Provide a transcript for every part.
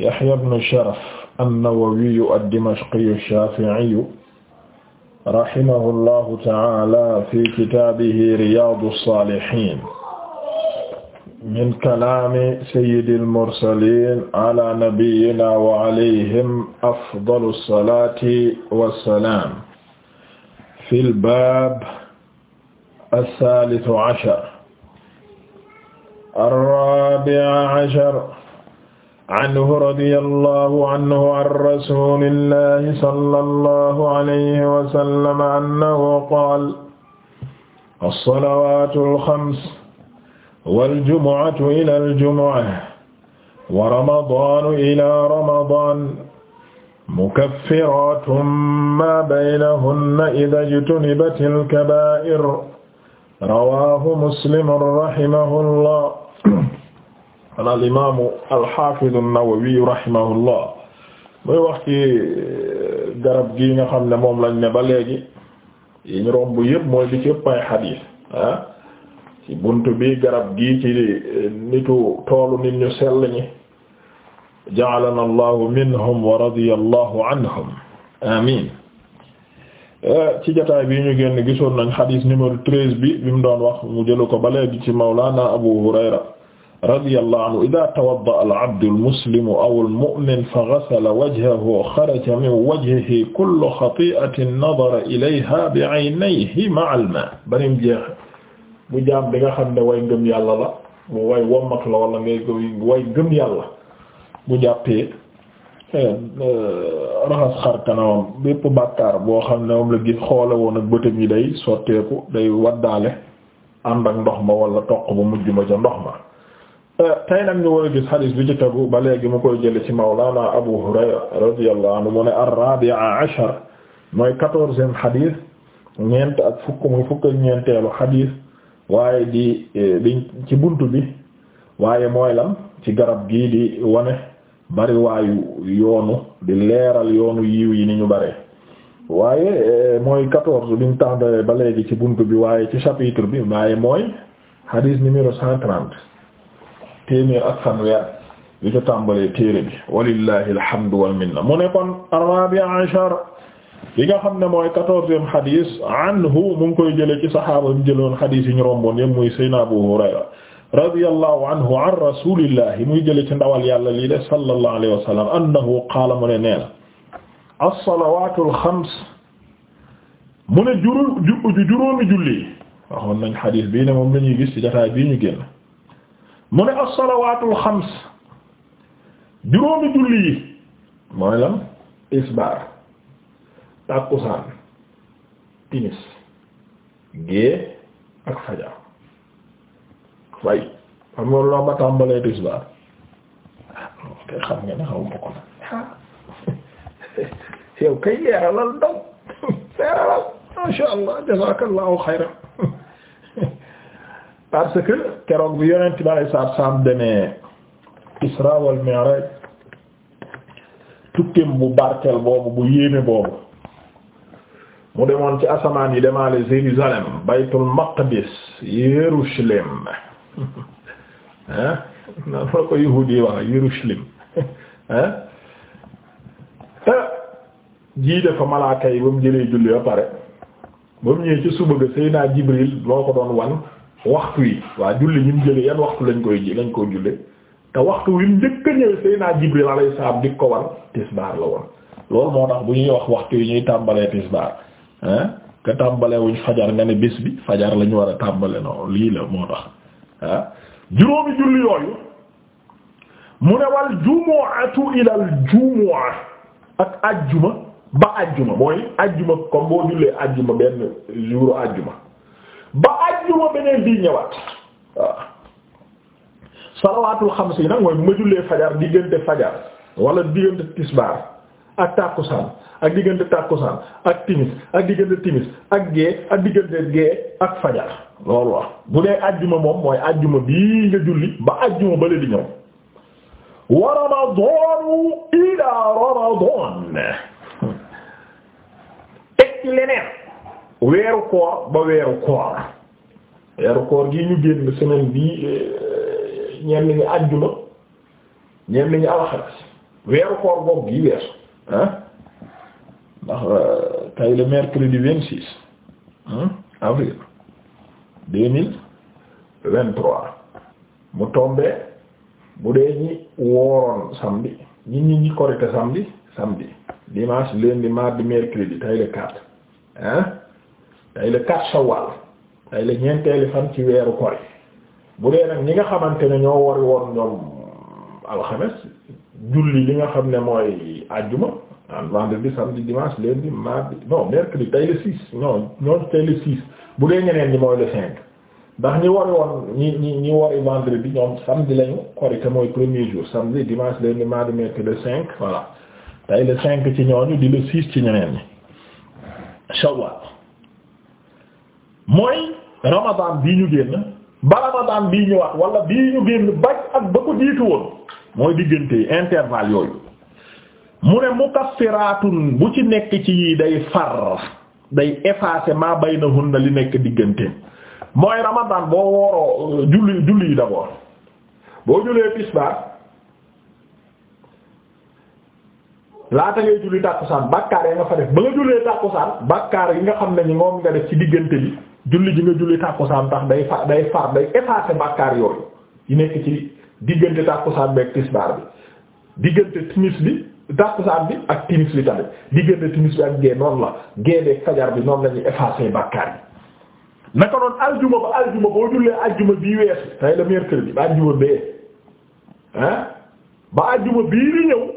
Yahya ibn Sharaf an-Nawawiyu ad-Dimashqiyu ash-Shafi'iyu rahimahullahu ta'ala fi kitaabihi Riyaadu as-Saalihiin min kalaami sayyidil mursaliin ala nabiyyinaa wa alayhim afdalu salaati wa salaam fil baab as-saalis ashar ar-raabi' ashar anhu radiyallahu anhu an rasulillahi sallallahu alayhi wa sallam annahu qaala as-salawaatul xams wal jumu'atu ilal jumu'ati wa ramadaanu ilaa ramadaan mukaffiratun maa baynahunna idaa ijtunibatil kabaa'ir rawaahu muslimun rahimahullah an al imaamu alxafidu an-Nawawi rahimahullah muy wax ci eh, garab gi nga xam ne moom lañ ne ba léegi yi ñu romb yëpp mooy di ci xadiis ci bunt bi garab gi ci eh, nitu toolu nit ñu sell ñi ja'alana allahu minhum wa radiya anhum amin eh, ci jotaay bi ñu génn gisoon nañ xadiis numéro treize bi bi mu doon wax mu jëlu ko ba léegi ci mawlana Abu Hurayra radiyallahu anhu idaa tawadda'a al-'abdu al-muslimu aw al-mu'minu faghasala wajhahu kharaja min wajhihi kullu khatii'atin nadara ilayhaa bi'aynayhi ma'a al-maa' banim jeex bu jaam bi nga xam ne way ngëm yàlla la bu way wommat la wala ngay way ngëm yàlla bu jàppee eh, eh, raxas xar kanamam bépp bàkkaar boo xam ne moom la gis xoole woon ak bëtam yi day sotteeku day waddaale ànd ak ndox ma wala toq ba mujj ma ca ndox ma Euh, tey nag ñu war a gis xadis bi ci tegu ba léegi mu koy jële ci mawlana Abu Hurayra radiyallahu anhu mu ne ar-rabi'a ashar mooy quatorzième xadis ñeent ak fukk muy fukk ak ñeenteelu xadis waaye di eh, di ci bunt bi waaye mooy lan ci garab gii di wane bari waayu yoonu di leeral yoonu yiw yi ni ñu bare waaye eh, mooy quatorze biñ tax ba léegi ci bunt bi waaye ci chapitre bi waaye mooy xadis numéro cent trente téeméer ak fanweer li ko tàmbalee téere bi walillahi alhamdu wal minna mu ne kon arba'i ashar li nga xam ne mooy quatorzième xadis anhu mu ngi koy jëlee ci saxaaba mu jëloon xadis yi ñu romboon yëpp muy Seydina Abu Hurayra radiyallahu anhu an rasulillahi ci ndawal yàlla lii de sallallahu alayhi wa sallam annahu qaala mu ne nee na as-salawaatul xams mu ne juróom juróomi julli waxoon nañ xadis bii ne moom la ñuy gis ci jotaay ñu génn mu ne as-salawaatul xams juróomi julli yi mooy lan isbaar tàkkusaan timis gée ak fajar fay xam nga loo ma tàmbalee tisbaar ah, kay xam nga ne xaw ko na ah, yow kay leeralal daw leeralal ma allah jazakallahu xayran parce que keroog bi yonent bi alayhi salaatu demee Isra wal Mi'raj tukkeem bu barkeel boobu bu yéeme boobu mu demoon ci asamaan yi demaale Jérusalem baytul maqdis Yerushalem ah nan la ko yahuudi wax Yerushalem ah jiite fa malaaka yi ba mu jëlee julli ba pare ba mu ñëwee ci suba ga Seydina Jibril moo ko doon wan waxtu yi waa julli ñi mu jëlee yan waxtu lañ koy ji lañ ko julle te waxtu wi mu njëkk a ñëw Seydina Jibril alayhi salaam di ko war tisbaar la woon loolu moo tax bu ñuy wax waxtu yi ñuy tàmbalee tisbaar ah ka tàmbalee wuñ fajar nga ne bis bi fajar lañu war a tàmbale noonu lii la moo tax juróomi julli yooyu mu ne wal jumu'atu ilal jumu'a ak ajjuma ba ajjuma mooy ajjuma comme boo jullee ajjuma benn jour ajjuma ba àjjuma beneen bii ñëwaat waaw salawaatul xams mooy ma jullee fajar diggante fajar wala diggante tisbaar ak tàkkusaan ak diggante tàkkusaan ak timis ak diggante timis ak gée ak diggante gée ak fajar loolu wax bu dee àjjuma moom mooy àjjuma bii nga julli ba àjjuma bale di ñëw wa ramadanu ila ramadan ek leneen weeru koor ba weeru koor weeru koor gi ñu génn semaine bi eh, ñeen ñi àjjuma ñeen ñi alxames weeru koor boobu gi weesu ah. ndax eh, tey mercredi avril deux mille vingt trois mu tombé bu dee ñi wooroon samedi ñi ñi ñi korite samedi samedi dimanche lundi mardi mercredi tey le quatre tey la quatre shawwal tey la ñeenteeli fan ci weeru koor bu dee nag ñi nga xamante ne ñoo wari woon ñoom alxames julli li nga xam ne mooy àjjuma an vendredi samedi dimanche lundi mardi non mercredi tey le six non ñoom tey le six bu dee ñeneen ñi mooy le cinq ndax ñi wari woon ñi ñi ñi wari vendredi ñoom samedi lañu korite mooy premier jour samedi dimanche lundi mardi mercredi le cinq voilà tey le cinq ci ñooñu di le six ci ñeneen ñi mooy ramadan bii ñu génn ba ramadan bii ñëwaat wala bii ñu génn ba ak ba ko jiitu woon mooy diggante yi yooyu mu ne mukaffiratun bu ci nekk ci yii day far day effacer ma baynahunna li nekk diggante mooy ramadan boo wooroo euh, julli julli yi d'abord boo jullee tisbaar laata ngay julli tàkkusaan bàkkaar nga fa def ba nga jullee tàkkusaan bàkkaar nga xam ne ñi moom nga def ci diggante bi julli ji nga julli tàkkusaan ndax day fa day far day effacer bàkkaar yooyu yi nekk ci diggante tàkkusaan bi ak tisbaar bi diggante timis bi tàkkusaan bi ak timis bi tamit diggante timis bi ak gée noonu la gée beeg fajar bi noonu la ñuy bàkkaar yi naka noonu aljuma ba aljuma boo jullee aljuma bii weesu tey la mercredi ba aljuma bee ba aljuma bii di ñëw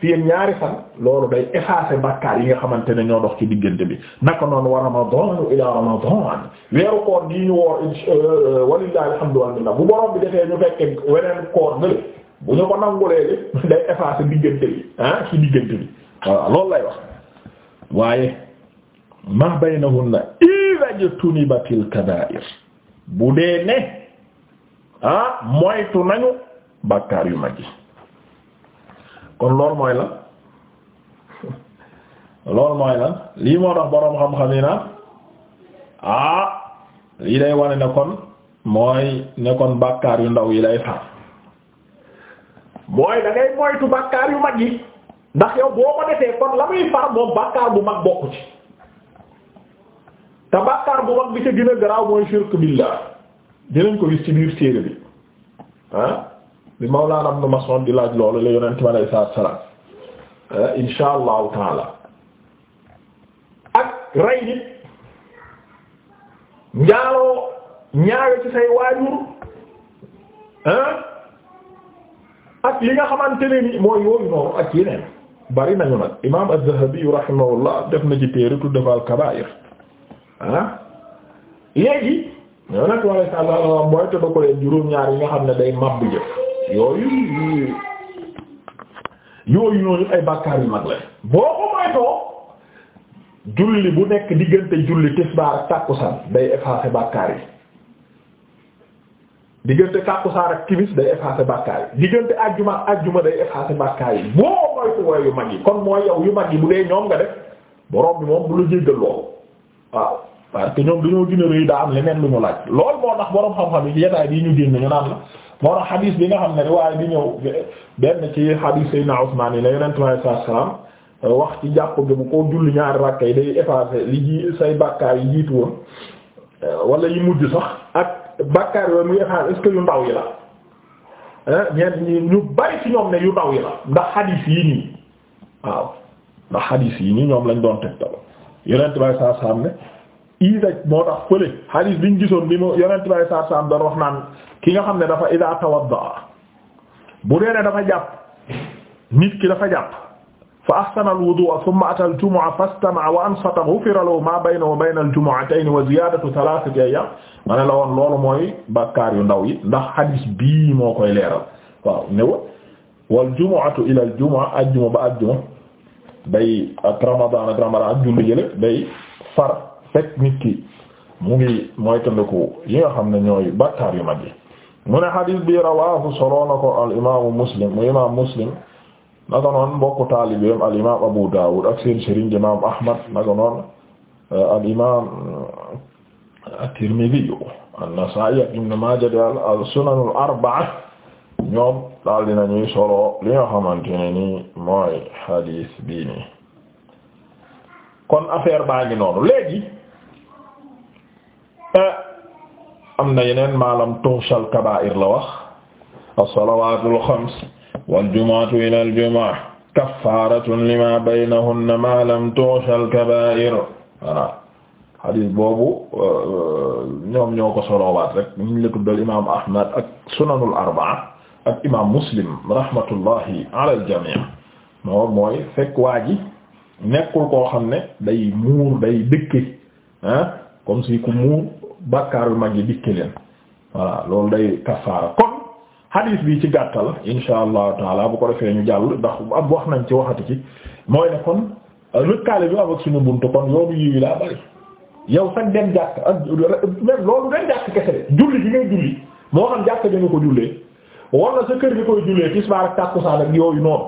fii ñaari fan loolu day effacer bàkkaar yi nga xamante ne ñoo dox ci diggante bi naka noon wa ramadan ila ramadan weeru koor gi ñu woor euh, euh, walillahi alhamdu wal minna bu borom bi defee ñu fekke weneen koor gële bu ñu ko nangulee li day effacer diggante bi ah ci diggante bi voilà loolu lay wax waaye ma baynahunna idha jutunibatil kaba'ir bu dee ne ah moytu nañu bàkkaar yu mag yi kon loolu mooy la loolu mooy la lii moo tax boroom xam-xam yi na ah lii day wane ne kon mooy ne kon bàkkaar yu ndaw yi lay far mooy da moytu bàkkaar yu mag yi ndax yow boo ko defee kon la muy far moom bàkkaar bu mag bokku ci te bàkkaar bu mag bi ca gën garaaw mooy shirk billah dinañ ko gis ci biir séeré ah. bi Mawlaana Ibn Mas'ud di laaj loolu la yonent bi alayhi salaatu eh, ak rey nit njaaloo ñaawe ci say waajur eh, ak li nga xamante ne ni mooy yooyu noonu ak yeneen bari nañu nag imaam az-Zahabi rahimahullah def na ci téere tudd al-kabaa'ir ah léegi yonent bi alayhi salaatu wa ko leen juróom-ñaar yi nga xam ne day mabbu jëf yooyu yooyu noonu ay bàkkaar yu mag la boo ko moytoo julli bu nekk diggante julli tisbaar ak tàkkusaan day effacer bàkkaar yi diggante tàkkusaan ak timis day effacer bàkkaar yi diggante àjjuma ak àjjuma day effacer bàkkaar yi boo moytu way yu mag yi kon mooy yow yu mag yi bu dee ñoom nga def borom bi moom bu la jéggal loolu waaw parce que ñoom dañoo gën daa am leneen lu ñu laaj loolu moo tax borom xam-xam yi ci yataay ñu génn ñu naan la moo tax xadis bi nga xam ne riwaay bi ñëw benn ci xadis Seydina Usmaan yi ne yonent bi alayhi salaatu euh, wax ci jàpp gi bu ko julli ñaari rakka yi day effacer li ji say bàkkaar yi jiitu woon euh, wala yi mujj sax ak bàkkaar yooyu muy effacer est yu ndaw yi la euh, ñeent ñi ñu bari ci ñoom ne yu ndaw yi la ndax xadis yi nii waaw ndax xadis yi nii ñoom lañ doon teg tal yonent bi alayhi salaatu ne ida moo tax fële hadis biñ gisoon bi mu yonent bi saa saam doon wax naan ki nga xam ne dafa ida tawadda bu dee ne dafa jàpp nit ki dafa jàpp fa ahsana al-wudu'a thumma ata al-jumu'a fastama'a wa ansata ghufira lahu ma baynahu wa bayna al-jumu'atayn wa ziyadatu thalathati ayyam ma ne la woon loolu mooy bakkaar yu ndaw yi ndax hadis bii moo koy leeral waaw new wal jumu'atu ila al-jumu'a ajjuma ba ajjuma day ak ramadan ak ramadan ak julli jële day far fekk mu ngi mooy tandaku yi nga xam ne ñooy bàkkaar yu mag mu ne xadiis bi rawaahu soloo na ko al imaamu muslim mu imaam muslim naka noon mbokku taalibeem al imaam abu daawud ak seen sëriñ imaam ahmad naka noon euh, al imaam euh, at-tirmidhi an-nasaa'i ak ibn maaja al sunanul arba'a ñoom daal dina solo li nga xamante ne mooy xadiis bii nii kon affaire baa noonu léegi Eh, am na yeneen maalam tushal kabaa'ir la wax as-salawaatul xams wal jumu'atu ilal jumu'a kaffaaratun limaa baynahunna maa lam tushal kabaa'ir voilà hadith boobu eh, ñoom ñoo ko soloowaat rek ñu la tuddal imaam Ahmad ak sunanul arba'a ak imaam Muslim rahmatullahi alal jamii' moo mooy fekk waa ji nekkul koo xam ne day muur day dëkke ah. comme si ku mu bàkkaar yu mag yi dikke leen voilà loolu day kafaara kon hadith bi ci gàttal insha allahu taala bu ko defee ñu jàll ndax am wax nañ ci waxati ci mooy ne kon lëkkaale euh, bi am ak suñu buntu kon yoonu yiwi laa bari yow sax dem jàkk ak même loolu dem jàkk kese de julli gi ngay julli moo xam jàkk da ko jullee wala sa kër gi koy jullee tisbaar ak tàkkusaan ak yooyu noonu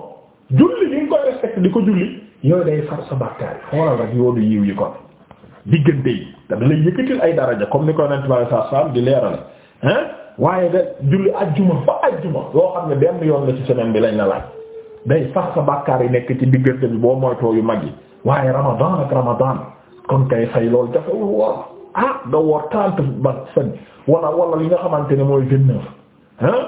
julli gi nga koy respecté di ko julli yooyu day far sa bàkkaar dana lay yëkkatil ay daraja comme ni ko yonent bi saa saam di leerale hein waaye da julli ajjuma ba ajjuma loo xam ne benn yoon la ci semaine bi lañ la laaj day sax sa bàkkaar yi nekk ci diggante bi boo moytoo yu mag yi waaye ramadan ak ramadan kon kay fay lool jafewul woor ah nga woor trente ba fan wala wala li nga xamante ne mooy vingt-neuf hein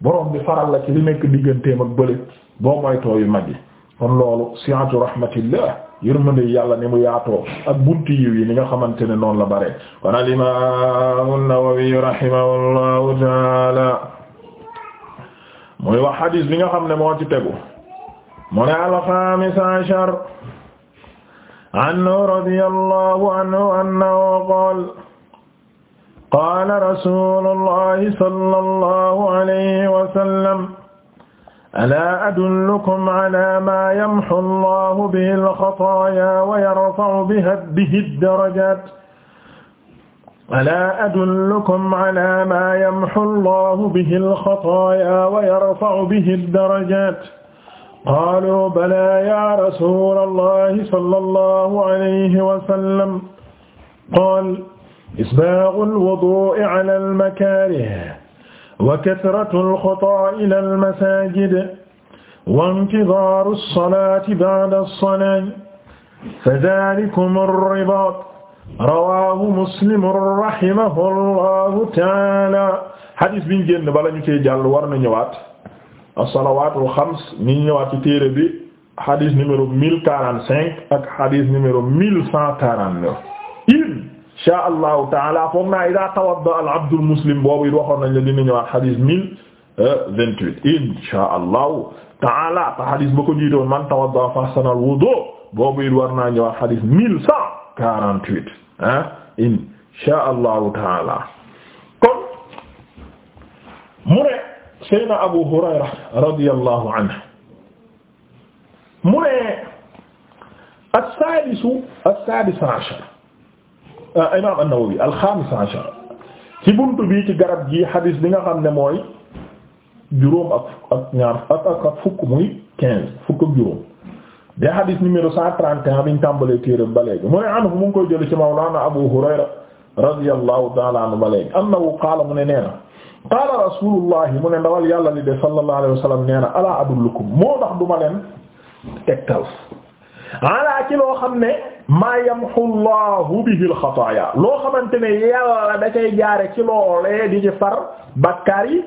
borom bi faral la ci li nekk digganteem ak bële boo moytoo yu mag yi kon loolu si'atu rahmatillah yërmande yàlla ni mu yaatoo ak buntu yiw yi ni nga xamante ne noonu la bare kon al imam an-Nawawi rahimahullahu taala muy wax xadiis bi nga xam ne moo ci tegu mu ne al-xaamis ashar anhu radiyallahu anhu annahu qaala qaala rasuulullahi sallallahu alayhi wa sallam alaa adullukum alaa maa yamhu Allahu bihi al-xataayaa wa yarfa'u bihi ad-darajaat alaa adullukum alaa maa yamhu Allahu bihi al-xataayaa wa yarfa'u bihi ad-darajaat qaaluu balaa yaa rasuulallaahi sallallahu alayhi wa sallam qaala isbaagul wuduu'i alal makaarih wa kasratul xutaa ilal masaajid wa intizaaru salaati ba'da sanaan fa zaalikum ribaat rawaahu muslim rahimahullahu taala hadis bi ñu génn bala ñu koy jàll war na ñëwaat as-salawaatul xams ni ñëwaat ci téere bi hadis numéro mille quarante cinq ak hadis numéro mille cent quarante neuf insha allahu taala foog naa idaa tawadda al abdul muslim boobu it waxoon nañ la dina ñëwaat xadis mille euh, vingt huit insha allahu taala te xadis ba ko jiitoon man tawadda fa ahsana al wudu boobu it war naa ñëwaat xadis mille cent quarante huit ah insha allahu taala kon mu ne Seydina Abu Hurayra radiyallahu anhu mu ne as-saadisu as-saadis ashar Euh, imaam an-Nawawi al-xaamis ashar ci buntu bii ci garab gi hadith bi nga xam ne mooy juróom ak ak ñaar ak ak ak fukk muy quinze fukk ak juróom de hadith numéro cent trente et un biñ tàmbalee téeram ba léegi mu ne anhu mu ngi koy jële ci mawlaana Abu Hurayra radiyallahu ta'ala anhu ba léegi annahu qaala mu ne nee na qaala rasulullahi mu ne ndawal yàlla li de sallallahu alayhi wa sallam nee na alaa adullukum moo tax duma leen tegtal ala ci loo xam ne maa yamhu Allahu bihi al-xataaya loo xamante ne yàlla da koy jaare ci loolee di ci far bakkaar yi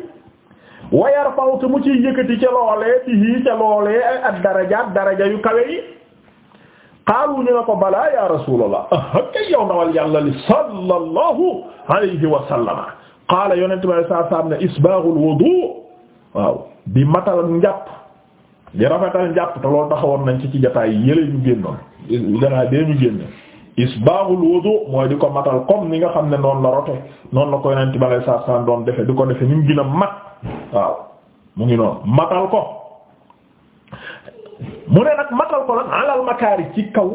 wa yarfa'u te mu ciy yëkkati ca loolee bihi ca loolee ak darajaat daraja yu kawe yi qaalu ñu ne ko balaa ya rasulallah ah, kay yow nawal yàlla li sallallahu alayhi wa sallama qaala yonente bi sallallahu alayhi wa sallam ne isbaaghul wudu waaw di matal njàpp di rafetal jàpp te loolu taxawoon nañ ci ci jataay yële ñu génnoon jotaay bee ñu génne isbaaxul wudu mooy di ko matal comme ni nga xam ne noonu la rote noonu la koy nañ ci balay saa saa doon defe di ko defe ni mu gën a mat waaw mu ngi noonu matal ko mu ne nag matal ko lan alal makaari ci kaw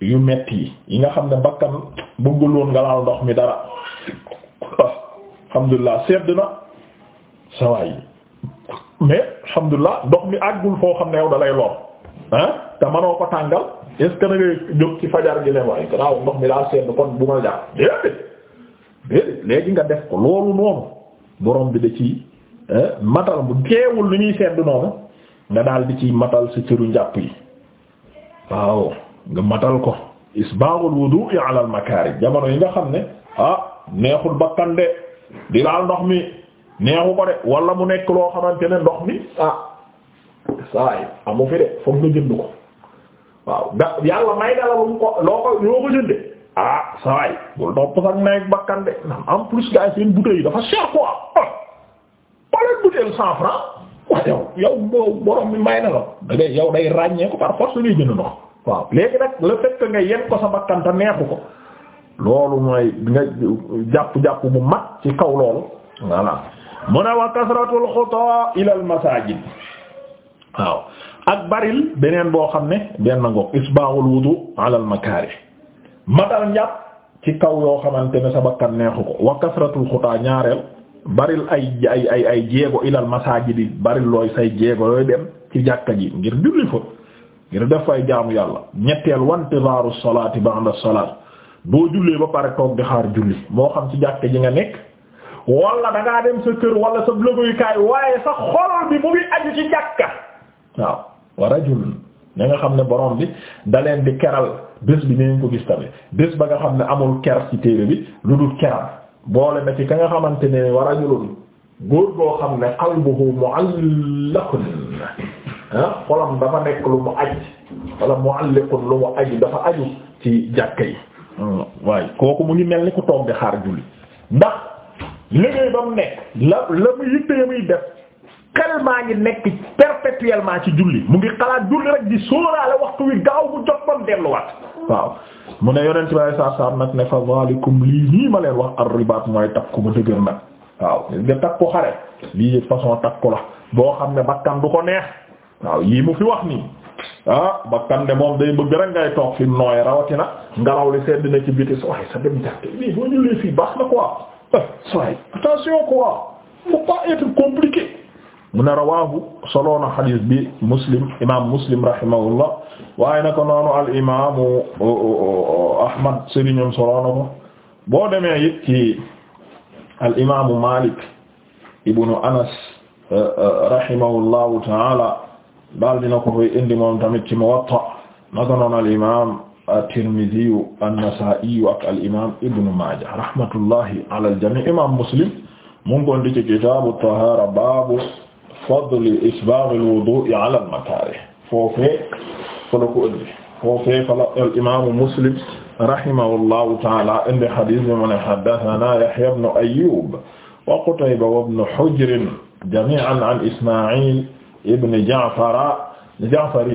yu metti yi yi nga xam ne bakkan bëggul woon nga laal ndox mi dara alhamdulillah sedd na sawaay mais alhamdulilah ndox mi àggul foo xam ne yow da lay lor ah te manoo ko tàngal est ce ngay jóg ci fajar gi ne waaye garaaw ndox mi daal sedd kon bu ma jàpp déedéet déedéet léegi nga def ko loolu noonu borom bi da ci matal bu teewul lu ñuy sedd noonu nga daal di ci matal sa cëru njàpp yi waaw nga matal ko isbaaxul wudu'i ala al makaari jamono yi nga xam ne ah neexul bakkan de di laal ndox mi neexu ko de wala mu nekk loo xamante ne ndox mi ah saay amu fi de foog yàlla may dala mu ko loo ko loo ko jënde ah yi ah da ngay yow day ràññee ko par force ngay waaw léegi nag le neexu ko loolu mooy nga jàpp-jàpp bu mag ci kaw loolu voilà mu ne wa kasratul xutaa ila al waaw ak baril beneen boo xam ne benn ngoog isbaaxul wudu ala al makaari matal njàpp ci kaw yoo xamante ne sa neexu ko wa kasratul xutaa ñaareel baril ay ay ay ay jéego ilal masajid yi baril looy say jéego yooy dem ci jàkka ji ngir julli fa ngir def fay jaamu yàlla ñetteel wantizaaru salaati ba'da salaat boo jullee ba pare toog di xaar julli moo xam ci jàkka ji nga nekk wala da dem sa kër wala sa lëguykaay waaye sa xol bi mu ngi aju ci jàkka waaw wa rajul na nga xam ne borom bi da leen di keral bés bi ñu ko gis tamit bés ba nga xam ne amul ker ci téere bi lu dul keral boole na ci ka nga xamante ne wa rajulun góor boo xam ne qalbuhu mu'allaqun ah xolam dafa nekk lu dafa aju ci jàkka yi hmm. waaye kooku mu ngi mel ni ku toog di xaar julli ndax liggéey ba mu la la mu yittee muy def xel maa ngi nekk perpétuellement ci julli mu ngi xalaat julli rek di sóoraale waxtu wi gaaw bu jot bam delluwaat waaw mu ne yonent bi saa nag ne fa zalikum lii nii ma leen wax ar mooy takku ba dëgër nag waaw nga takku xare lii façon takku la boo xam ne bakkan du ko neex waaw yii mu fi wax nii ah, bakkan de moom day bëgg rek ngay toog fi nooy rawatina ngelaw li sedd na ci biti sa waaye sa dem jàkk lii boo jullee fii baax Euh, soy attention quoi faut pas être compliqué mu ne imam muslim rahimahullah waaye nako noonu al imamu ahmad sëriñam soloona ko boo demee ci al imamu malik ibnu anas euh, euh, rahimahullahu taala ko fay indi moom tamit ci muwatta nako al imam at-Tirmidhi an-Nasa'i ak al imaam Ibn Maaja rahmatullahi ala al-jami' imaam Muslim mu ngi ko indi ci kitaabu at-tahaara baabu fadli isbaagh al-wudu'i ala al-makaarih foofee fa la ko indi foofee fa la al imaamu Muslim rahimahullahu ta'ala indi hadiis bi mu ne haddathanaa Yahyaa ibn Ayyuub wa Qutayba wa ibn Hujr jamii'an an Ismaa'iil ibn Ja'far Ja'far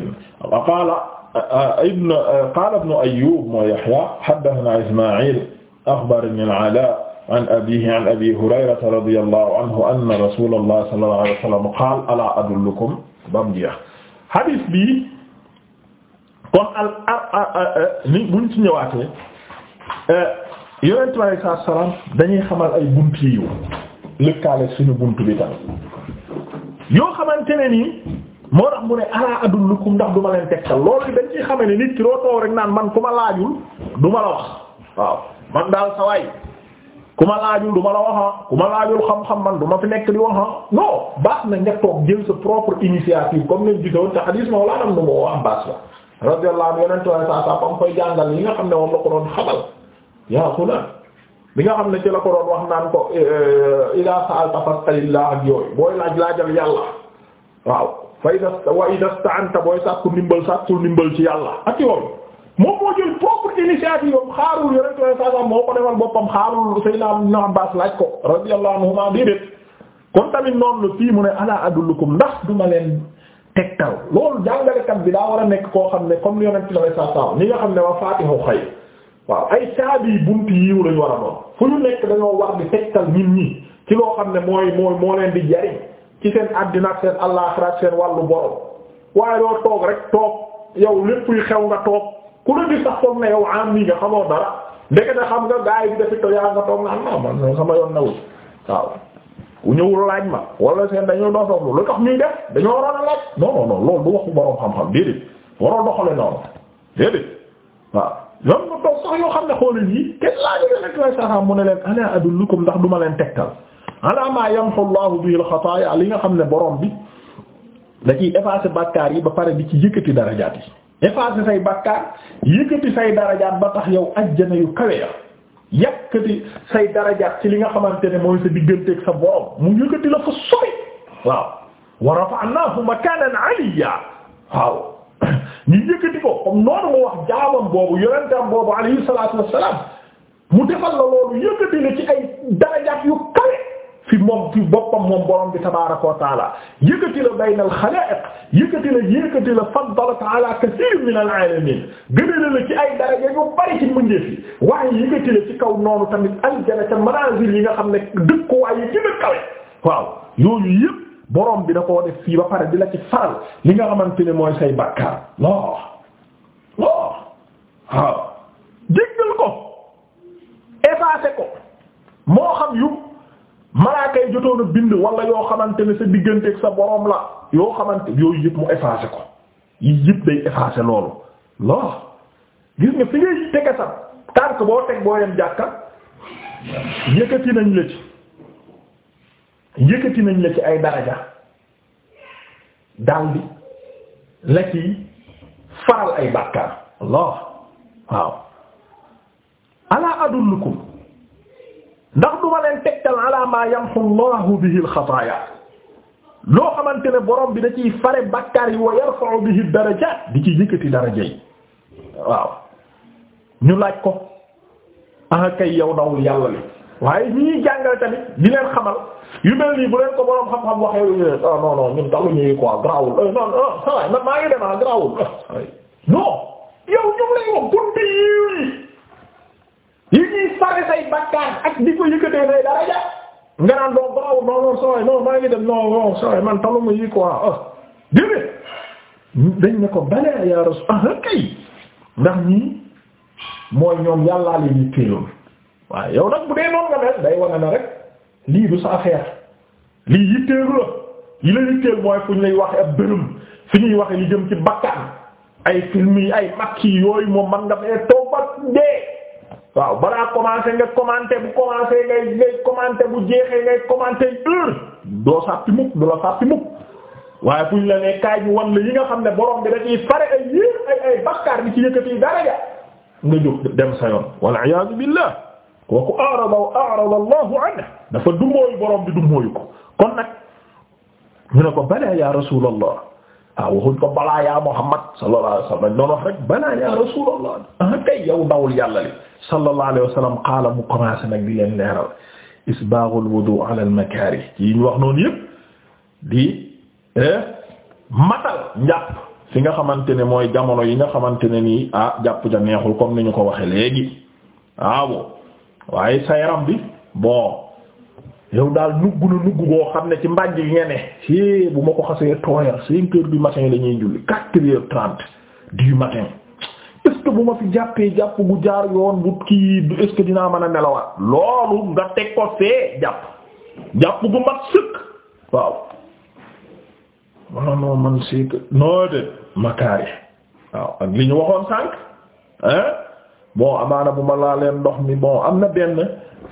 qaala ibn qaala ibn Ayyub mooy Yahya haddathana Isma'il akhbarani al-Ala an abihi an abi Hurayrata radiyallahu anhu anna rasulallah sallallahu alayhi wa sallam qaala alaa adullukum bam jeex hadith bi kon al ni buñ ci ñëwaatee yonent bi alayhi salaatu wa salaam dañuy xamal ay bunt yi lëkkaale suñu bunt bi tamit yoo xamante ne nii moo tax mu ne ala adullukum ndax du ma leen tegtal loolu dañ ciy xame ne nit ki doo toog rek naan man ku ma laajul du ma la wax waaw man daal sa waay ku ma laajul du ma la waxa ah ku ma laajul xam-xam man du ma fi nekk di waxa ah non baax na nga toog jël sa propre initiative comme ni ñu gisoon te hadis ma wala nam nu moo Abbaas la radiyallahu anhu yonentu Yàlla bam koy jàngal yi nga xam ne moom la ko doon xamal yaa xulaan bi nga xam ne ci la ko doon wax naan ko ila sa'alta fas'alillah ak yooyu booy fa ida wa ida sta'anta booy sàkku ndimbal sàkkul ndimbal ci yàlla ak yooyu moom moo jël propre initiative am xaarul yonent moo ko defal boppam xaarul Seydina Ibn Abbas laaj ko a anhuma déedéet kon tamit noonu la fii mu ne ala adullukum ndax duma leen tegtal loolu jàngalekat bi daa war a nekk koo xam ne comme li yonent way sasam ñi nga xam ne wa faatihu xayr waaw ay caabi bunt yiw lañu war a doon fu ñu nekk dañoo war di tegtal nit ñi ci xam ne mooy moo leen di jariñ ci seen àddina ak seen àllaaxira ak seen wàllu borom waaye doo toog rek toog yow lépp luy xew nga toog ku la di sax foog na yow am nii nga xamoo dara ndeke na xam nga gaay bi dafi to yaa nga toog na am naa man sama yoon nawul waaw ñëwul laaj ma wala seen dañoo doon soxla lu tax ñuy def dañoo waroon a laaj non non non loolu du waxu boroom xam-xam déedéet waroo doxale noonu déedéet waaw ñoom nga toog sax yoo xam ne xoolal yi kenn laaj nga nekk lay saxaam mu ne leen ndax duma leen tegtal ala ma yamhu Allahu bihi al-xataaya li nga xam ne borom bi da ciy effacer bàkkaar yi ba pare di ci yëkkati darajaat yi effacer say bàkkaar yëkkati say darajaat ba tax yow ajjana yu kawe ya yëkkati say darajaat ci li nga xamante ne mooy sa digganteeg sa borom mu yëkkati la fa sori waaw wa rafa'naahu makaanan 'aliyyaa waaw ñu yëkkati ko comme noonu mu wax jaamam boobu yonentam boobu alayhi salaatu wassalaam mu defal la loolu yëkkati la ci ay darajaat fi moom fi boppam moom borom bi tabaaraka wa taala yëkkati la baynal xalaa'iq yëkkati la yëkkati la faddalaka ala ci ay daraja yu bari ci mbindeef yi waaye yëkkati ci kaw noonu tamit aljana ca manaazil yi nga xam ne dëkkuwaay yi gën kawe waaw yooyu yëpp borom bi da koo def fii ba pare di la ci faral li nga xamante ne mooy say bàkkaar non non waaw jéggal ko effacé ko moo xam yu. malaaka yi jotoon a bind wala yoo xamante ne sa digganteeg sa borom la yoo xamante yooyu yëpp mu effacé ko yi yëpp day effacé loolu lool gis nga fi ngay tege sa tànk boo teg boo yem jàkka yëkkati nañ la ci yëkkati nañ la ci ay daraja daldi la ci faral ay bàkkaar lool waaw ala adullukum ndax duma leen tegtal ala ma yamhu Allahu xamante ne borom bi da ciy fare bakkaar yi wa yarfa'u bihi darajaat di ci yëkkati daraja yi waaw ñu laaj ko ah kay yow dawul yàlla li waaye ñi ñuy jàngal tamit di leen xamal yu mel nii bu leen ko borom xam-xam waxee ah non non ñun taxul ñuy grawul eh, non non maa ngi dem ah grawul ah, non yow ñu ngi lay wax guddi yi. yi ñuy sare say bakkaar ak di ko yëkkatee say daraja nga naan doo baaw non non sooy non maa ngi dem non sooy man taluma yi quoi ah déedéet dañ ne ko balaa yaa rasul ah kay ndax ñii mooy ñoom yàllaa la ñuy téeloon waaw yow nag bu dee noonu nga mel day wane na rek lii du sa affaire lii yitteelu la yi la yitteel mooy fu ñu lay waxe ab bërëm fi ñuy waxe li jëm ci bakkaan ay film ay makki yooyu moom man nga fee toog dee waaw balaa commencé nga commenté bu commencé ngay ngay commenté bu jeexee ngay commenté heure doo sàppi mukk du la sàppi mukk waaye fuñ la ne kaay bi wan la yi nga xam ne borom bi da ciy fare ay yéen ay ay bakkaar bi ci yëkkati daraja nga jóg dem sa yoon wal iyaazu billah kooku a'rada wa a'rada allahu anhu dafa dumóoyu borom bi dumóoyu ko kon nag ñu ne ko balaa ya rasulallah ah waxuñ ko balaa ya muhammad sallallahu alayhi wasallam doon wax rek balaa ya rasulallah ah kay yow ndawul yàlla li sallallahu alayhi wa sallam mu commencé nag di leen leeral isbaaghul wudu ala al makaari yi ñu wax noonu yëpp di eh, matal njàpp fi nga xamante ne mooy jamono yi nga xamante ne nii ah jàpp ja neexul comme nañu ko waxee léegi waaw ah, waaye sa yaram bi bon yow daal nugg na nugg boo xam ne ci mbàjj yi nga ne ci bu ma ko xasee tooyal cinq heures du matin la julli quatre heures du matin que bu ma fi jàppee jàpp gu jaar yoon bu kii est ce dinaa mën a nelawaat loolu nga teg ko fee jàpp jàpp gu mat sëkk waaw mananoo man si noo de makaari waaw ak li ñu waxoon sànq hein bon amaana bu ma laa leen ndox mi bon am na benn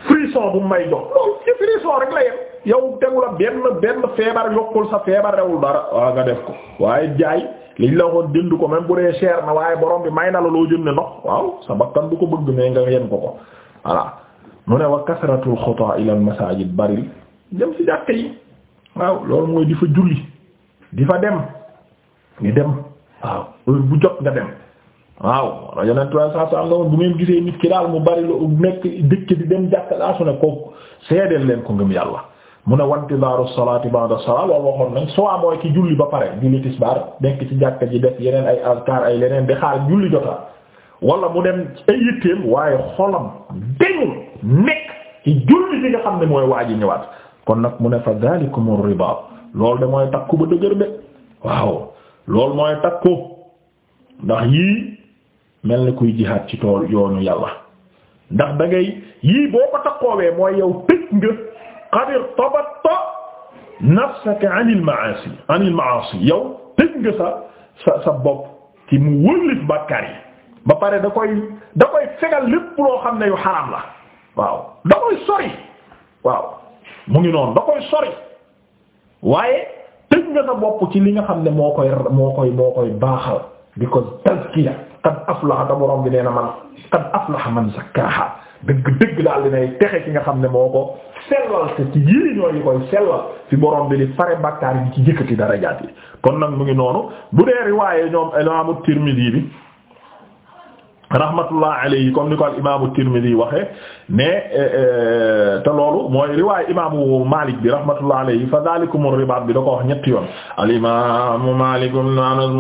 frisson bu may jox loolu ci frisson rek la yem yow tegu benn benn feebar yokkul sa feebar rewul dara waaw nga def ko waaye jaay liñ la woon jënd ko même bu dee cher na waaye borom bi may na la loo jënd ndox waaw sa bakkan du ko bëgg mais nga yem ko ko voilà mu ne wa kasratul xutaa ila al masajid bari dem ci jàkk yi waaw loolu mooy di fa julli di fa dem di dem waaw heure bu jot nga dem waaw rajo nañ trois cent cent bu ngeen gisee nit ki daal mu bari lu nekk dëkk di dem jàkk laa su ne kooku seedeel leen ko ngëm yàlla. mu ne wantizaaru salaati ba'da salaat loolu waxoon nañ soo mooy ki julli ba pare julli tisbaar nekk ci jàkka ji def yeneen ay azkar ay leneen di xaar julli jotaa wala mu dem ay yitteem waaye xolam dañu nekk ci julli bi nga xam ne mooy waaji ñëwaat kon nag mu ne fa zalikumur ribaat loolu de mooy takku ba dëgër de waaw loolu mooy takku ndax yii mel ni kuy jihaat ci tool yoonu yàlla ndax da yii boo ko takkoowee mooy yow tëj nga. qad irtabatta nafsaka an il maasi an il maasi yow tëj nga sa sa sa bopp ci mu wëllif bàkkaar yi ba pare da koy da koy fegal lépp loo xam ne yu xaraam la waaw da koy sori waaw mu ngi noonu da koy sori waaye tëj nga sa bopp ci li nga xam ne moo koy moo koy moo koy baaxal di ko tazkiya qad aflaha ta borom bi nee na man qad aflaha man zakkaha dëgg-dëgg daal dinay texe ki nga xam ne moo ko sellal te ci jiriñoo yi koy sellal fi borom bi di fare bàkkaar yi ci jëkkati darajaat yi kon nag mu ngi noonu bu dee riwaaye ñoom imaamu Tirmidi bi rahmatullah alayhi comme ni ko al imaamu Tirmidi waxee ne eh, eh, te loolu mooy riwaayu imaamu Malik bi rahmatullah alayhi fa dhalikumur ribaat bi da ko wax ñetti yoon al imaamu Malik mu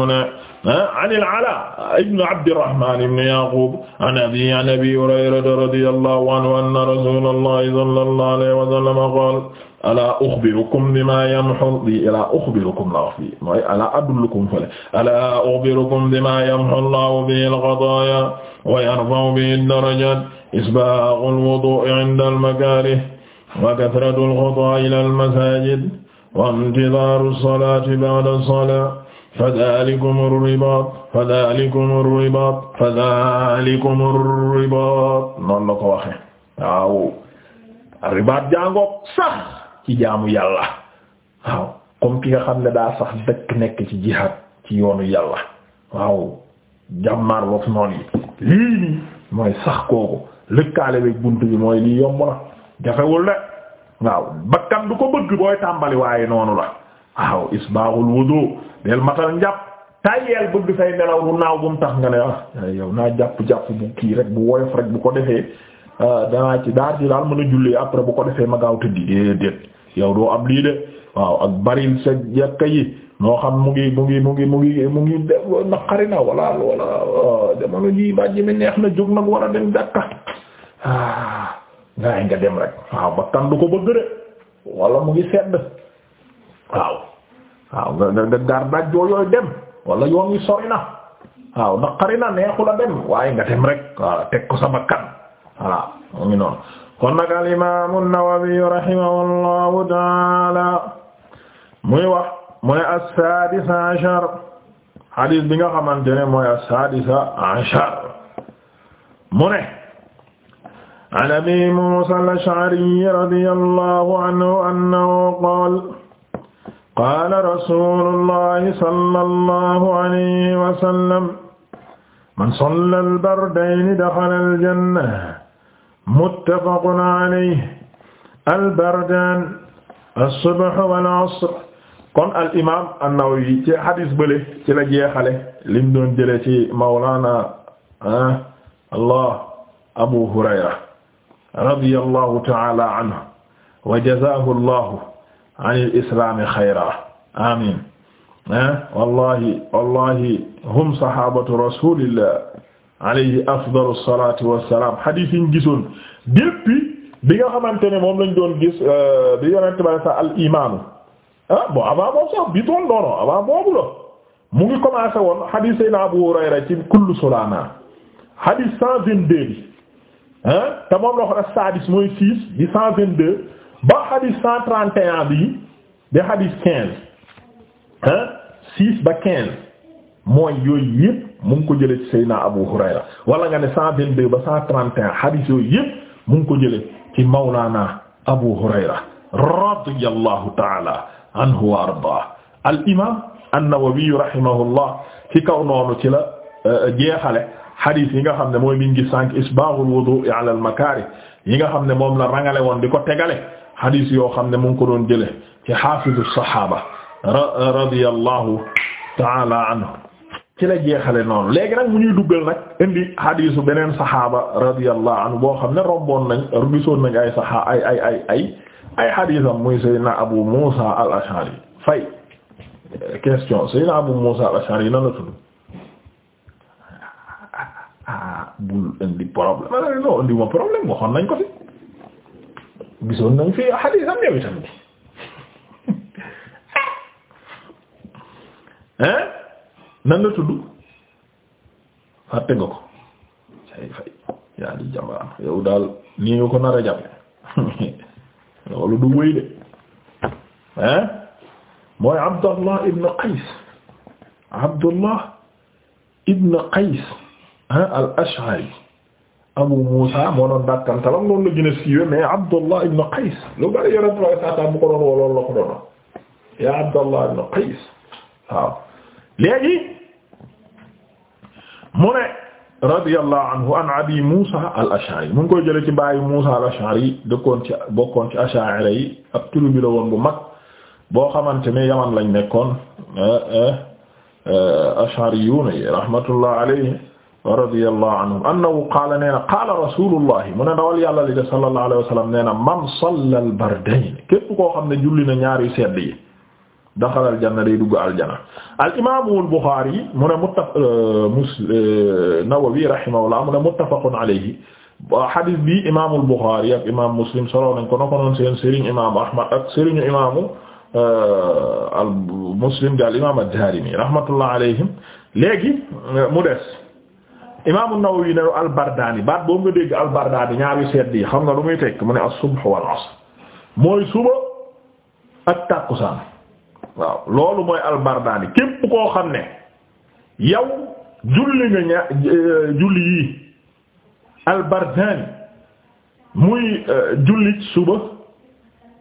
ne an al-Alaa ibn Abdirrahmaan ibn Yaquub an abiihi an Abii Hurayrata radiyallaahu anhu anna rasuulallaahi sallallaahu alayhi wa sallam qaala alaa uxbirukum bimaa yamhul alaa uxbirukum la wax fii mooy alaa adullukum fale alaa uxbirukum bimaa yamhul laahu bihi al-xataayaa wa yarfa'u bihi ad-darajaat isbaaqu al-wuduu'i 'inda al-makaarih wa kasratu al-xutaa ila al-masaajid wa intizaaru as-salaati ba'da as-salaat فذلكم الرباط فذلكم الرباط فذلكم الرباط noonu la ko waxe waaw ribaat jàngoog sax ci jaamu yàlla waaw comme ki nga xam ne daa sax dëkk nekk ci jihaad ci yoonu yàlla waaw jàmmaar loog noonu yi lii nii mooy sax kooku lëkkaale bi bunt bi mooy lii yomb na jafewul de waaw bakkan du ko bëgg booy tàmbali waaye noonu la waaw isbaaxul wudu del matal njàpp tàyyeel bëgg say nelaw bu naaw bu mu tax nga ne ah yow naa jàpp jàpp bu kii rek bu woyof rek bu ko defee ah, danaa ci daar ci daal mën a jullee après bu ko defee ma gaaw tëddi déedéet yow doo am lii de waaw ak baril sa jàkka yi noo xam mu ngi mu ngi mu ngi mu ngi mu ngi naqari na walla walla ah, jamono ji bàjj mi neex na jóg nag war a dem jàkka ngaay ah, nga dem rek waaw ba kan du ko bëgg de walla mu ngi sedd waaw waaw nga nga gaar dajjoo yooyu dem wala yoon wi sori na waaw naqari na neexu la dem waaye nga dem rek waaw teg ko sa bakkan voilà mu ngi noonu kon nag al imaamu an-Nawawi rahimahullahu taala muy wax mu ne as-saadisa ashar hadis bi nga xamante ne mooy as-saadisa ashar mu ne an abi Muusa al-Ash'ari radiyallahu anhu annahu qaala qaala rasulullahi sallallahu alayhi wa sallam man salla albardayni daxala aljanna muttafaqun alayhi albardaan alsubh wal asr kon al imaam an-Nawawi ci xadis bële ci la jeexale lim doon jële ci mawlaana ah, allah Abu Hurayra radiyallahu ta'ala anhu wa jazaahu allah anil islami xayra amin eh? wallahi wallahi hum sahabatu rasulillah alayhi afdalu salatu hadith yi ñu bi nga xamante ne moom lañ doon gis eh, bi yonente bale ah bon avant boobu sax bi tool doono avant boobu la mu ngi commencé woon hadith sayna Abu Hurayra ci kullu sulana hadith cent vingt ah eh? te moom as-sadis mooy six di cent ba xadis cent trente et un bi de xadis quinze hein six ba quinze mooy yooyu yëpp mu ko jële ci Seydina Abu Hurayra wala nga ne cent vingt ba cent trente et un xadis yooyu ko jële ci Mawlana Abu Hurayra radiyallahu taala anhu wa ardaa al imaam an-Nawawi rahimahullah ci kaw noonu ci la euh, jeexale xadis yi nga xam ne mooy mi ngi sànq isbaaxul wudu'i ala al makaari yi nga xam ne moom la rangale woon di ko tegale hadith yoo xam ne mu ngi ko doon jële ci xaafizu saxaaba radiyallahu taala anhu ci la jeexale noonu léegi nag mu ñuy duggal nag indi hadisu beneen saxaaba radiyallahu anhu boo xam ne romboon nañ gisoon nañ ay saxaa ay ay ay ay ay hadisam muy Seydina Abu Musa al-Ash'ari fay question Abu Musa al-Ash'ari nan la tudd ah, ah, ah bul indi problème ah, non indi ma problème nañ ko fi gisoon nañ fi xadiisam yow itam bi hein nan la tudd fàtte nga ko say fay yaa di jàmbaar yow daal nii nga ko nar a loolu du wéy de hein mooy Abdallah ibn Qays Abdallah ibn Qays al Ash'ari Abu Muusa moo doon dàkkantalam noonu la gën a siiwee mais Abdullah ibn Qays lu bari yore tubaab yi saa bu ko doon woloon la ko doon yaa Abdullah ibn Qays waaw léegi mu ne radiyallahu anhu an Abi Muusa al-Ash'ari mu ngi koy ci baayu Muusa al-Ash'ari dëkkoon ci bokkoon ci Ash'ari yi ab turu bi la woon bu mag boo xamante ne Yaman lañ nekkoon eh, eh, eh, Ash'ariyuuna yi rahmatullah alayhi radiyallahu anhum annahu qaala nee na qaala rasulullahi mu ne dawal yàlla li de sallallahu alayhi wa sallam nee na man salla al bardayn képp koo xam ne julli na ñaar yu sedd yi daxala al janna day dugg aljanna al imaamu al Buxaari mu ne muttafaq euh, mus euh, Nawawi rahimahullah mu ne muttafaqun alayhi xadis bi imaamu al Buxaari ak imaamu Muslim solo nañ ko na ko noon seen sëriñ imaamu Ahmad ak sëriñu imaamu euh, al Muslim di al imaam ad-Daarimi rahmatullah alayhim léegi mu des. imaamu Nawawi ne al-Bardaani baat boobu nga dégg al-Bardaani ñaari sedd yi xam nga lu muy tekk mu ne as-subh wal asr mooy suba ak tàkkusaan waaw loolu mooy al-Bardaani képp koo xam ne yow julli nga ña euh, julli yi al-Bardaani muy euh, jullit suba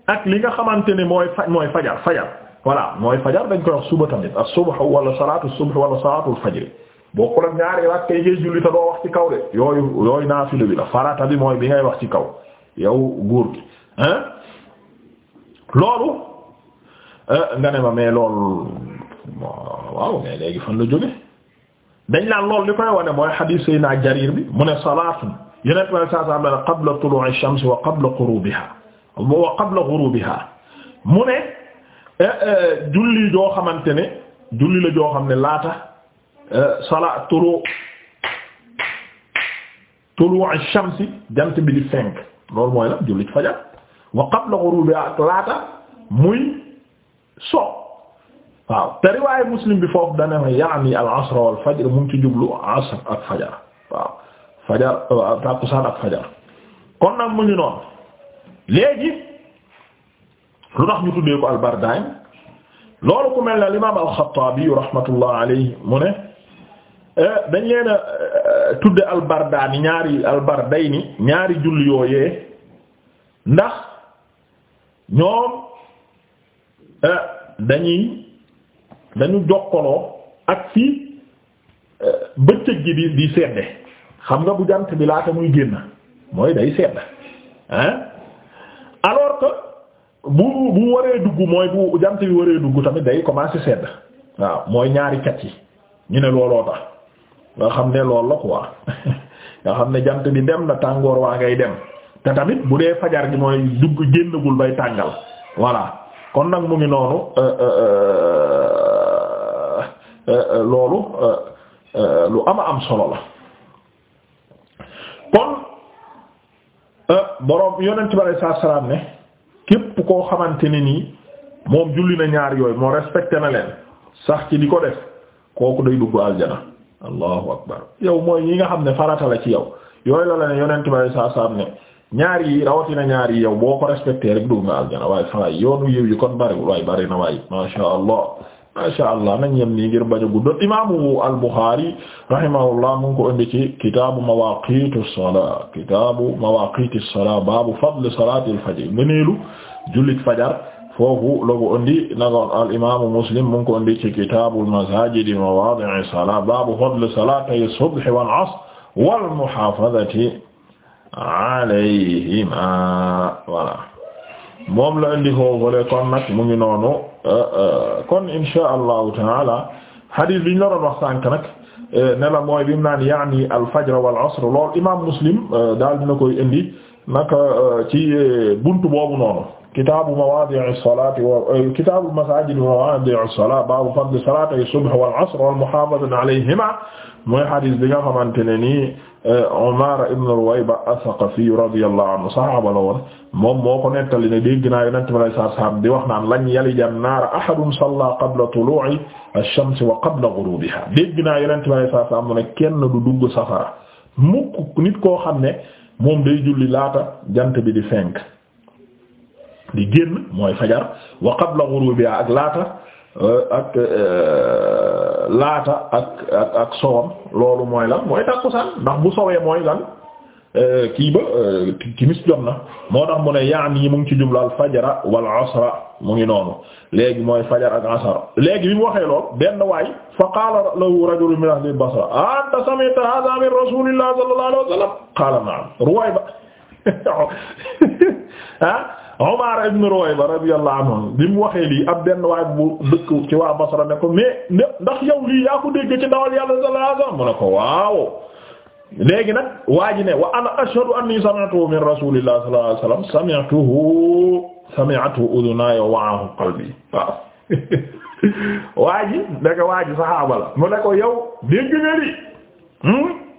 ak li nga xamante ne mooy fa mooy fajar fajar voilà mooy fajar dañ koy wax suba tamit as-subh wala salaatu as-subh wala salaatu al-fajr bokkul ak ñaari rakka yi ngay julli te doo wax ci kaw de yooyu yooyu naafila bi la farata bi mooy bi ngay wax ci kaw yow góor loolu euh, nga ne ma mais loolu waaw mais léegi fan la jóge dañ naan loolu li koy wane mooy xadiis Seydina Jarir bi mu ne salaatun yenent way saa sam len qabla shams wa qabla ghurubiha wa qabla ghurubiha mu ne euh, euh, julli xamante ne julli la joo ne laata sala tulu tulu ash-shamsi jant bi di fenk loolu mooy la jullit fajar wa qabla ghurubi ak laata muy so waaw te riwaayu muslim bi foofu dana ma yaani al-asr wal-fajr mu ngi ci jublu asr ak fajar waaw fajar euh, tàkkusaan ak fajar kon nag mu ngi noonu léegi lu tax ñu tuddee ko al-Bardaayin loolu ku mel ne al-imaam al-Xattaabi rahmatullah alayhi mu ne Eh, dañ leen a eh, tudde albardaani ñaari albardayni ñaari julli yooyee ndax ñoom eh, dañuy dañu jokkaloo ak ci bëccëg gi di di sedde xam nga bu jant bi laata muy génn mooy day sedd hein alors que bu bu waree dugg mooy bu jant bi waree dugg tamit day commencer sedd waaw mooy ñaari kat yi ñu ne looloo nga xam ne loolu la quoi nga xam ne jant bi dem na tàngoor waa ngay dem te tamit bu dee fajar gi mooy dugg génnagul bay tàngal voilà kon nag mu ngi noonu euh, euh, euh, loolu lu ama am solo la kon boroom yonent bi alayhi salaatu salaam ne képp koo xamante ni nii moom julli na ñaar yooyu moo respecté na leen sax ci di ko def kooku day dugg aljana allahu akbar yow mooy yi nga xam ne farata la ci yow yooyu la la ne yonent bi saa saa ne ñaar yi rawatina ñaar yow bo ko respecté rek dugg nga aljana waaye saa yoonu yiw yi kon bariwul waaye bari na waaye masha allah masha allah nañ yem nii ngir bañ a guddal imaamu al-Bukhari rahimahullah mu ngi ko indi ci kitaabu mawaaqiitu salaa kitaabu mawaaqiitu baabu fadli salaatil fajr ngëneelu jullit fajar. foofu la ko indi nagoon al imaamu muslim mu ngi ko indi ci kitaabul masaajidi mawaadi'i salaat baabu fadli salaatay subhi wal asr wal muhaafazati alayhimaa voilà moom la indi foofule kon nag mu ngi noonu euh, euh, kon inshaa allahu taala hadiis bi ñu la doon wax sànq nag euh, ne la mooy bi mu naan yaani al fajr wal asr lool imaam muslim daal dina koy indi nag ci buntu boobu noonu. kitaabu mawaadi'i salaati wa eh, kitaabu masaajidi mawaadi'i salaati baabu fadli salaati subh wal asr wal muhaafazati alayhimaa mooy hadiis bi nga xamante ne nii eh, Umaara ibn Ruwayba as-Saqafi radiyallahu anhu saxaaba la woon moom moo ko nettali ne dégg naa Yonent bi sallallahu alayhi wa sallam di wax naan lan yalija an-naara ahadun sallaa qabla tuluu'i ash-shamsi wa qabla ghuruubihaa dégg naa Yonent bi sallallahu alayhi wa sallam ne kenn du dugg safara mukk nit koo xam ne moom day julli laata jant bi di fenk. di génn mooy fajar wa qabla ghurubiha ak laata euh, ak euh, laata ak ak ak loolu mooy lan mooy tàkkusaan ndax bu sowee mooy lan euh, kii ba timis jot na moo tax mu ne yi mu ngi ci jublu al fajara wal asra mu ngi noonu léegi mooy fajar ak asar léegi bi mu waxee lool benn waay fa qaala lahu rajulun min ahli basra anta sami'ta hadha min rasulillahi sallallahu alayhi wa sallam qaala ruwaay ba ah Umar ibn Ruwayba radiyallahu anhu bi mu waxee lii ab benn waay bu dëkk ci waa Basra ne ko mais ndax yow lii yaa ko dégg ci ndawal yàlla sallallahu alayhi wasallam mu ne ko waaw léegi nag waa ji ne wa ana ashhadu anni sami'tuhu min rasulillahi sallallahu alayhi wasallam sami'tuhu sami'tuhu udhunaya wa wa'ahu qalbi waaw waa ji da nga waa ji saxaaba la mu ne ko yow dégg nga lii hmm?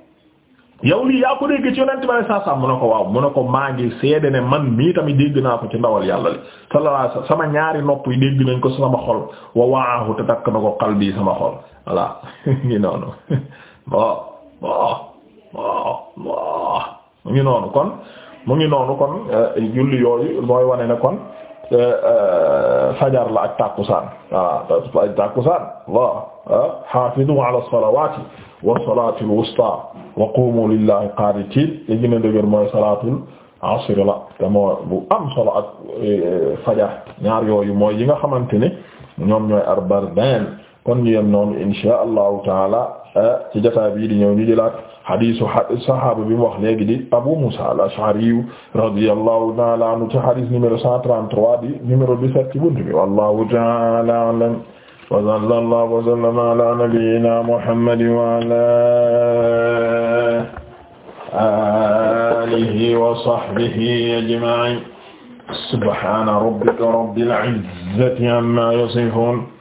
yow lii yaa ko dégg ci yonent bi saa saa mu ne ko waaw mu ne ko maa ngi seede ne man mii tamit dégg naa ko ci ndawal yàlla li sama ñaari nopp yi dégg nañ ko sama xol wa waahu te takk na ko qalbi sama xol voilà ngi mu ngi noonu kon mu ngi noonu kon euh, julli yooyu mooy wane ne kon Euh, fajar la ak takkusaan waaw takkusaan Allah hafizu ala salawati wa salati al-wusta wa qumu lillahi qanitin li gën a dëgër mooy salatul asr la te moo bu am solo ak euh, fajar ñaar yooyu mooy yi nga xamante ne ñoom ñooy arbardin kon ñu yem noonu insha allahu taala eh, ci jataa bii di ñëw ñu jëlaat hadisu sahaaba bi mu wax léegi di Abu Musa al-Ash'ari radiyallahu taala anhu ci hadis numéro 133 di numéro 17 ci buntu bi wallahu taala a'lam wa sallallahu wa sallama ala nabiyyina Muhammadin wa ala alihi wa sahbihi ajma'in subhana rabbika rabbil izzati amma yasifun